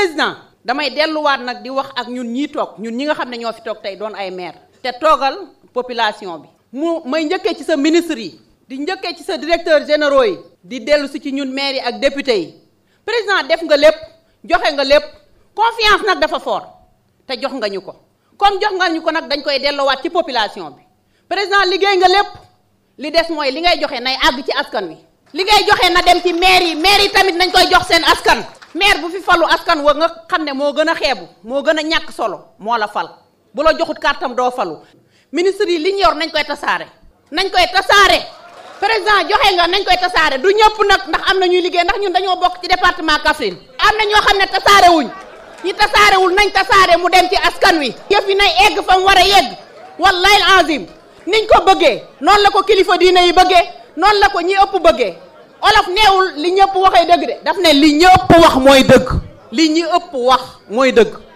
président damay delluwaat nag di wax ak ñun ñii toog ñun ñi nga xam ne ñoo fi toog tey doon ay maire te toogal population bi mu may njëkkee ci sa ministre yi di njëkkee ci sa directeur généraux yi di dellu si ci ñun maire yi ak député yi président def nga lépp joxe nga lépp confiance nag dafa foor te jox nga ñu ko comme jox nga ñu ko nag dañ koy delluwaat ci population bi président liggéey nga lépp li des mooy li ngay joxe nay àgg ci askan wi li ngay joxe na dem ci maire yi maire yi tamit nañ koy jox seen askan maire bu fi falu askan wa nga xam ne moo gën a xeebu moo gën a ñàkk solo moo la fal bu la joxut kàrtam doo falu ministre yi li yor nañ koy tasaare nañ koy tasaare président joxe nga nañ koy tasaare du ñëpp nag ndax am na ñuy liggéey ndax ñun dañoo bokk ci département Kaffrine am na ñoo xam ne tasaare wuñ ñi tasaarewul nañ tasaare mu dem ci askan wi yëf yi nay egg fa mu war a yegg wallahi azim niñ ko bëggee noonu la ko kilifa diine yi bëggee noonu la ko ñi ëpp bëggee olof neewul li ñëpp waxee dëgg de daf ne li ñëpp wax mooy dëgg li ñi ëpp wax mooy dëgg